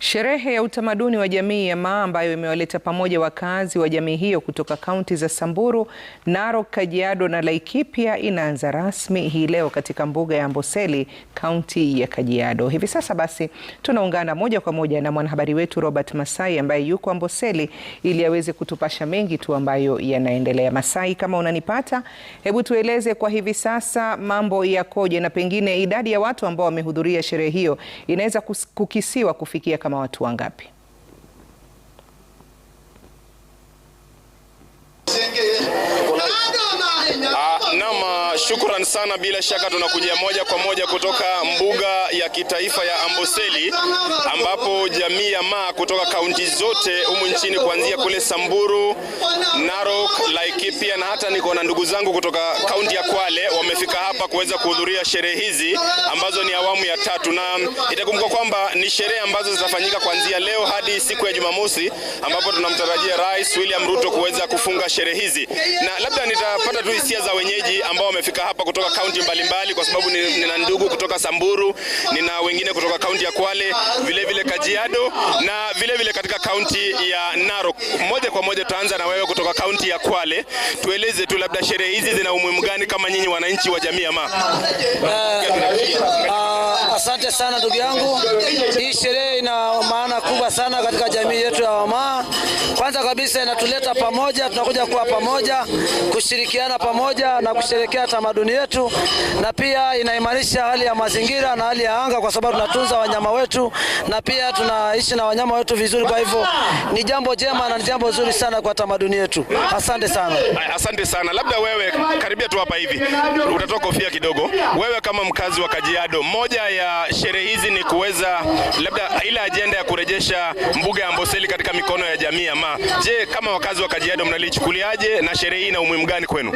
Sherehe ya utamaduni wa jamii ya Maa ambayo imewaleta pamoja wakazi wa jamii hiyo kutoka kaunti za Samburu, Narok, Kajiado na Laikipia inaanza rasmi hii leo katika mbuga ya Amboseli, kaunti ya Kajiado. Hivi sasa basi tunaungana moja kwa moja na mwanahabari wetu Robert Masai ambaye yuko Amboseli ili aweze kutupasha mengi tu ambayo yanaendelea. Masai, kama unanipata, hebu tueleze kwa hivi sasa mambo yakoje, na pengine idadi ya watu ambao wamehudhuria sherehe hiyo inaweza kukisiwa kufikia kama watu wangapi? Shukran sana, bila shaka tunakujia moja kwa moja kutoka mbuga ya kitaifa ya Amboseli ambapo jamii ya Maa kutoka kaunti zote humu nchini kuanzia kule Samburu, Narok, Laikipia na hata niko na ndugu zangu kutoka kaunti ya Kwale wamefika hapa kuweza kuhudhuria sherehe hizi ambazo ni awamu ya tatu, na itakumbuka kwamba ni sherehe ambazo zitafanyika kuanzia leo hadi siku ya Jumamosi ambapo tunamtarajia Rais William Ruto kuweza kufunga sherehe hizi, na labda nitapata tu hisia za wenyeji ambao wamefika wamefika hapa kutoka kaunti mbalimbali, kwa sababu nina ndugu kutoka Samburu, nina wengine kutoka kaunti ya Kwale, vile vile Kajiado na vile vile katika kaunti ya Narok. Moja kwa moja tutaanza na wewe kutoka kaunti ya Kwale, tueleze tu labda sherehe hizi zina umuhimu gani kama nyinyi wananchi wa jamii ya Maa? Uh, eh, ah, asante sana ndugu yangu, hii sherehe ina maana kubwa sana katika jamii yetu ya Wamaa kwanza kabisa inatuleta pamoja, tunakuja kuwa pamoja, kushirikiana pamoja na kusherekea tamaduni yetu, na pia inaimarisha hali ya mazingira na hali ya anga, kwa sababu tunatunza wanyama wetu na pia tunaishi na wanyama wetu vizuri. Kwa hivyo ni jambo jema na ni jambo zuri sana kwa tamaduni yetu. Asante sana, asante sana. Labda wewe karibia tu hapa hivi, utatoa kofia kidogo. Wewe kama mkazi wa Kajiado, moja ya sherehe hizi ni kuweza labda ile ajenda ya kurejesha mbuga ya Amboseli katika mikono ya jamii ya mzima. Je, kama wakazi wa Kajiado mnalichukuliaje na sherehe hii na umuhimu gani kwenu?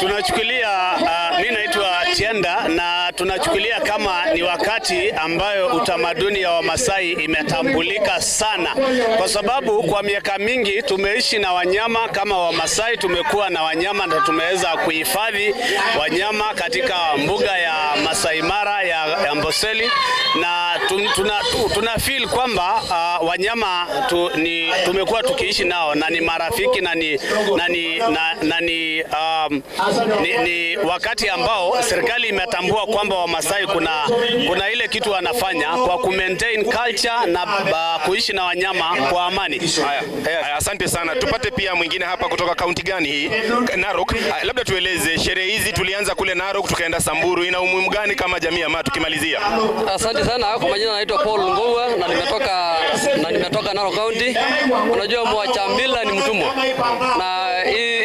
Tunachukulia uh, mimi naitwa Tienda na tunachukulia kama ni wakati ambayo utamaduni ya Wamasai imetambulika sana, kwa sababu kwa miaka mingi tumeishi na wanyama kama Wamasai, tumekuwa na wanyama na tumeweza kuhifadhi wanyama katika mbuga ya Masai Mara ya Amboseli na tun, tuna, tuna feel kwamba uh, wanyama tu, ni, tumekuwa tukiishi nao na ni marafiki na ni, na ni, na, na ni, um, ni, ni wakati ambao serikali imetambua kwamba kwamba Wamasai kuna, kuna ile kitu wanafanya kwa ku maintain culture na ba, kuishi na wanyama kwa amani. Haya, haya, asante sana. Tupate pia mwingine hapa kutoka kaunti gani hii? Narok. Labda tueleze sherehe hizi, tulianza kule Narok tukaenda Samburu, ina umuhimu gani kama jamii ama tukimalizia? Asante sana. Kwa majina naitwa Paul Ngowa na nimetoka na nimetoka Narok County. Unajua mwacha mila ni mtumwa. Na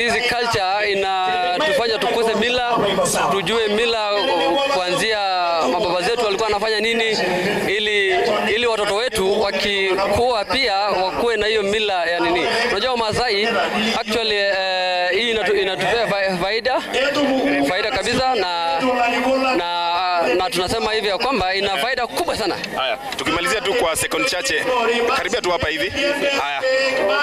hizi culture inatufanya tukose mila, tujue mila kuanzia mababa zetu walikuwa wanafanya nini, ili ili watoto wetu wakikuwa pia wakuwe na hiyo mila ya nini. Unajua Wamasai actually uh, inatu, inatupea faida eh, faida kabisa na, na na tunasema hivi ya kwamba ina faida kubwa sana. Haya, tukimalizia tu kwa second chache, karibia tu hapa hivi. Haya,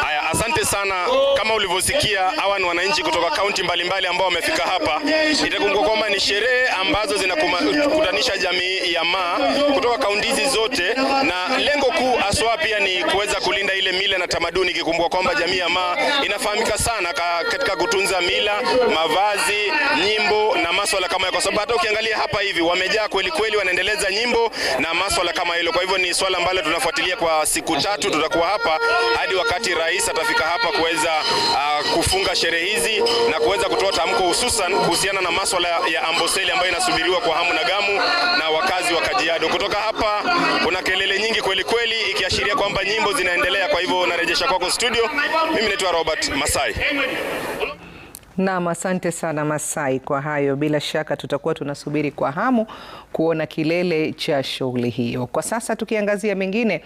haya. Asante sana. Kama ulivyosikia, hawa ni wananchi kutoka kaunti mbalimbali ambao wamefika hapa. Itakumbukwa kwamba ni sherehe ambazo zinakutanisha jamii ya Maa kutoka kaunti hizi zote, na lengo kuu aswa pia ni kuweza kulinda ile mila na tamaduni, ikikumbukwa kwamba jamii ya Maa inafahamika sana katika kutunza mila, mavazi, nyimbo na maswala kama hayo, kwa sababu hata ukiangalia hapa hivi wamejaa kweli kweli, wanaendeleza nyimbo na maswala kama hilo. Kwa hivyo ni swala ambalo tunafuatilia kwa siku tatu, tutakuwa hapa hadi wakati rais watafika hapa kuweza uh, kufunga sherehe hizi na kuweza kutoa tamko hususan kuhusiana na maswala ya Amboseli ambayo inasubiriwa kwa hamu na gamu na wakazi wa Kajiado. Kutoka hapa kuna kelele nyingi kweli kweli, ikiashiria kwamba nyimbo zinaendelea. Kwa hivyo narejesha kwako studio, mimi naitwa Robert Masai. Naam, asante sana Masai kwa hayo. Bila shaka tutakuwa tunasubiri kwa hamu kuona kilele cha shughuli hiyo. Kwa sasa tukiangazia mengine